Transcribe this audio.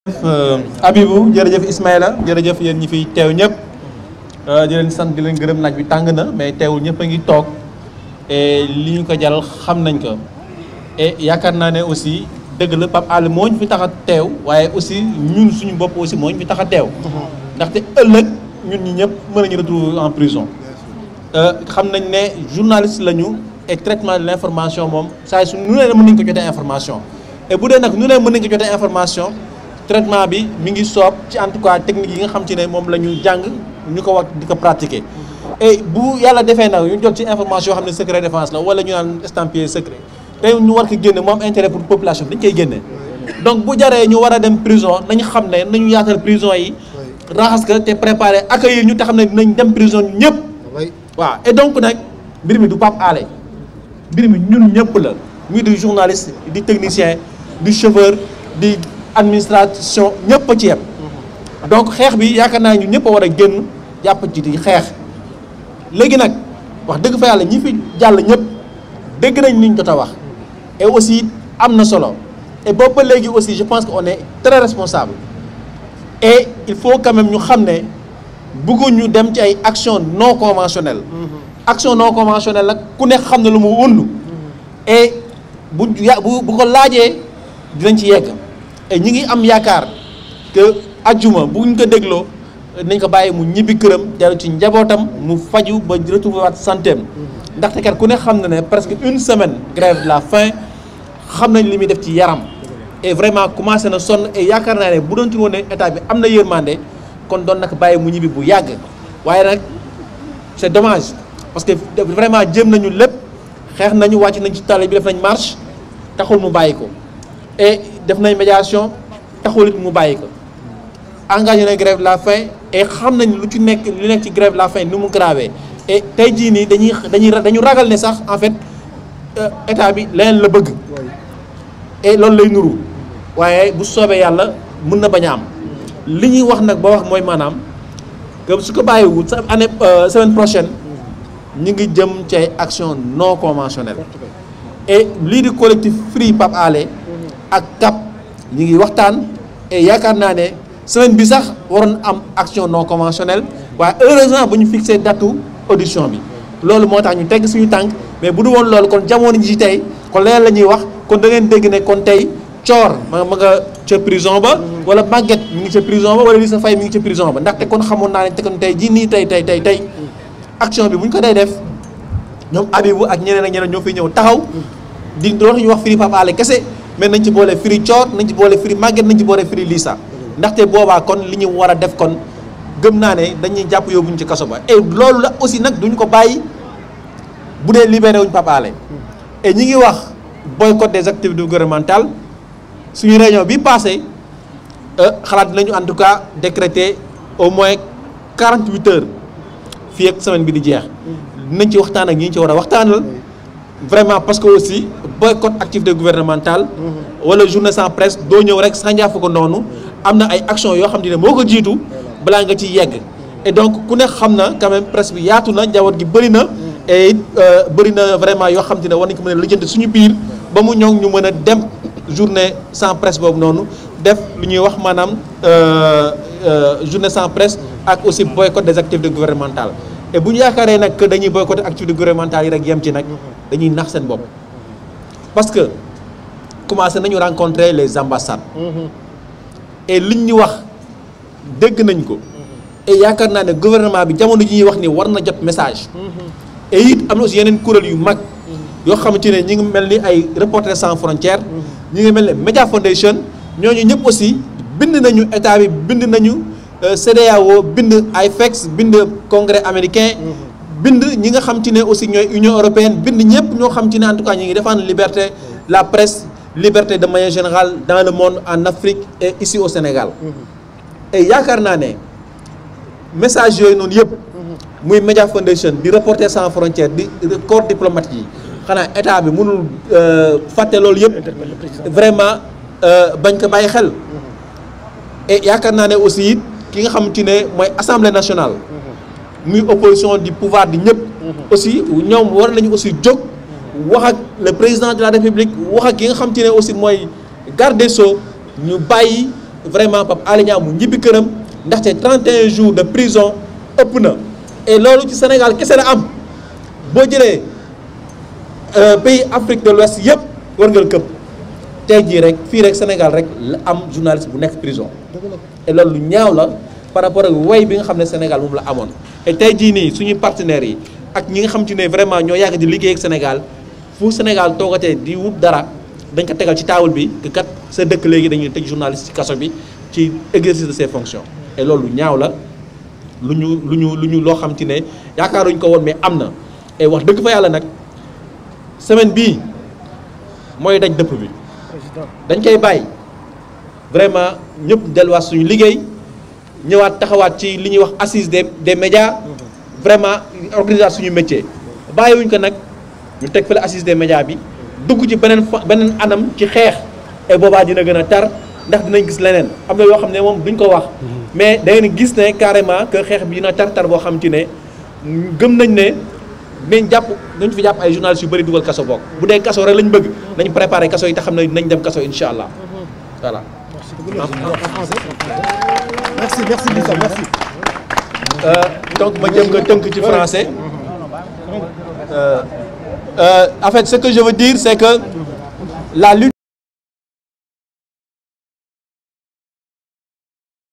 jërëjëf euh, Abibou jërëjëf Ismaïla jërëjëf yéen ñi fiy teew ñëpp euh, di leen sant di leen gërëm naaj bi tàng na mais teewul ñëpp a ngi toog et li ñu ko jaral xam nañ ko yaakaar naa ne aussi dëgg la Pape Alé moo ñu fi tax a teew waaye aussi ñun suñu bopp aussi moo ñu fi tax a teew. ndaxte ëllëg ñun ñi ñëpp mën nañu retrouver en prison. Euh, xam nañ ne journaliste lañu et traitement de l' information moom saa su nu ne mën nañ ko jotee information et bu dee nag nu ne mën nañ ko jotee information. traitement bi mi ngi soob ci en tout cas technique yi nga xam ci ne moom la jàng ñu ko wax di ko pratiquer. bu yàlla defee nag ñu jot ci information yoo xam ne secret défense la wala ñu naan estampillé secret te ñu war ko génne moom intérêt pour population bi dañ koy génne. donc bu jaree ñu war a dem prison nañu xam ne nañu yaatal prison yi. raxas ka te préparer accueillir ñu te xam ne dinañ dem prison ñëpp. waaw et nag mbir mi du Pape Alé mbir mi administration ñëpp ci yem donc xeex bi yaakaar naa ñu ñëpp a war a génn jàpp ci di xeex léegi nag wax dëgg fa yàlla ñi fi jàll ñëpp dëgg nañ liñ jot a wax et aussi am na solo et boobu léegi aussi je pense que on est très responsable et il faut quand même ñu xam ne bëgguñu dem ci ay action non conventionnelle action non conventionnelle nag ku ne xam ne lu mu wund et bu bu ko laajee dinañ ci yegg et ñi ngi am yaakaar que ajjuma buñ ko dégloo nañ ko bàyyi mu ñibbi këram dellu ci njabootam mu faju ba retrouver waat santé am ndaxte kat ku ne xam na ne presque une semaine grève de la faim xam nañ li muy def ci yaram et vraiment commencé na sonn et yaakaar naa ne bu doon ci woon ne état bi am na yërmande kon doon nag bàyyi mu ñibbi bu yàgg waaye nag c'est dommage parce que vraiment jëm nañu lépp xeex nañu wàcc nañ ci tali bi def nañ marche taxul mu bàyyi ko def nañ médiation taxul it mu bàyyi ko engagé na grève de la faim et xam nañ lu ci nekk lu nekk ci grève de la faim ni mu grave et tey jii nii dañuy dañuy dañu ragal ne sax en fait euh, état bi leneen la bëgg loolu lay nuru waaye bu soobee yàlla mun na bañ am li ñuy wax nag ba wax mooy maanaam que su ko bàyyiwul sa année euh, semaine prochaine ñu ngi jëm ci ay action non conventionnelle lii di collectif Free Pape Alé ak CAP ñu ngi waxtaan et yaakaar naa ne semaine bi sax waroon am action non conventionnelle waaye heureusement ba ñu fixé datu audition bi loolu moo tax ñu tegg suñu tànk mais bu du woon loolu kon jamono ji tey kon leneen la ñuy wax kon da ngeen dégg ne kon tey coor ma ma ca prison ba wala Maguette mu ngi ca prison ba wala sa fay mi ngi ca prison ba ndaxte kon xamoon naa ne te kon tey ji nii tey tey tey tey action bi bu ñu ko day def ñoom Abibou ak ñeneen ak ñoo fi ñëw taxaw di ñu wax firi Pape kese mais nañ ci boole firi coor nañ ci boole firi màgget nañ ci boole firi liisa ndaxte booba kon li ñu war a def kon gëm naa ne dañuy jàpp yóbbuñ ci kaso ba et loolu la aussi nag duñ ko bàyyi bu dee libéré wuñ papaale ñi ngi wax boycott des activités gouvernementales suñu réunion bi passé euh, xalaat nañu en tout cas décréter au moins 48 heures fii ak semaine bi di jeex dinañ ci waxtaan ak ñi ñu ci war a waxtaanal vraiment parce que aussi boycott activité gouvernementale mhm. wala journée sans presse doo ñëw rek sànjaafu ko noonu am na ay action yoo xam ne moo ko jiitu balaa nga ci yegg et ku ne xam na quand même bi yaatu na njaboot gi bëri na mhm. et euh, bëri na vraiment yoo xam ne war nañ ko mën a lijjanti suñu biir ba mu ñoŋ ñu mën a dem journée san presse boobu noonu def lu ñuy wax maanaam euh, euh, journée sans presse ak aussi boycott des activités gouvernementales et bu ñu yaakaaree nag que dañuy boycotter activités gouvernementales yi rek yem ci nag mhm. dañuy nax seen bopp parce que commencé nañu rencontrer les ambassades mm-hmm. et liñ ñu wax dégg nañ ko et yaakaar naa ne gouvernement bi jamono ji ñuy wax ni war na jot message mm-hmm. et it am na aussi yeneen kuréel yu mag mm-hmm. yoo xamante ne ñi ngi mel ni ay Reporters sans frontières ñi ngi mel ne Media Foundation ñooñu ñëpp aussi bind nañu état bi bind nañu euh, CEDEAO bind IFEX bind congrès américain bind ñi nga xam ci ne aussi ñooy Union européenne bind ñëpp ñoo xam ci ne en tout cas ñu ngi défendre liberté la presse liberté de manière générale dans le monde en Afrique et ici au Sénégal mm-hmm. et yaakaar naa ne message yooyu noonu yëpp mm-hmm. muy Media Foundation di Reporters sans frontières di corps diplomatique yi xanaa état bi mënul euh, fàtte loolu yëpp vraiment euh, bañ ko bàyyi xel mm-hmm. et yaakaar naa ne aussi ki nga xam ci ne mooy assemblée nationale muy opposition di pouvoir di ñëpp. Mhm. aussi ñoom war nañu aussi jóg. wax ak le président de la république wax ak yi nga xam ci ne aussi mooy garde des sceaux ñu bàyyi vraiment Pape Alé Niang mu ñibbi këram ndaxte 31 jours de prison ëpp na. et loolu ci Sénégal kese la am boo jëlee euh, pays Afrique de l'Ouest yëpp war nga këpp tey jii rek fii rek Sénégal rek la am journaliste bu nekk prison. et loolu lu ñaaw la. par rapport ak way bi nga xam ne Sénégal moom la amoon et tey jii nii suñuy partenaires yi ak ñi nga xam ci ne vraiment ñoo yàgg di liggéey ak Sénégal fu Sénégal toogatee di wut dara dañ ko tegal ci taabal bi que kat sa dëkk léegi dañuy teg journaliste ci kaso bi ci exercice de ses fonctions et loolu ñaaw la lu ñu lu ñu lu ñu loo xam ci ne yaakaaruñ ko woon mais am na ay wax dëgg fa yàlla nag semaine bii mooy daj dëpp bi dañ koy bàyyi vraiment ñëpp delluwaat suñu liggéey ñëwaat taxawaat ci li ñuy wax assise des des médias mm-hmm. vraiment organisation suñu métier bàyyiwuñ ko nag ñu teg fële assise des médias bi dugg ci beneen beneen anam ci xeex et boobaa dina gën a tar ndax dinañ gis leneen am na yoo xam ne moom duñ ko wax mm-hmm. mais da gis ne carrément que xeex bi dina tar tar boo xam ci ne gëm nañ ne nañ jàpp nañ fi jàpp ay journalistes yu bëri dugal kaso bokk bu dee kaso rek lañ bëgg nañ préparé kaso yi te xam ne nañ dem kaso incha allah mm-hmm. voilà merci merci Lissa merci. Euh, donc ma jëm nga tënk ci français euh, euh, en fait ce que je veux dire c'est que la lutte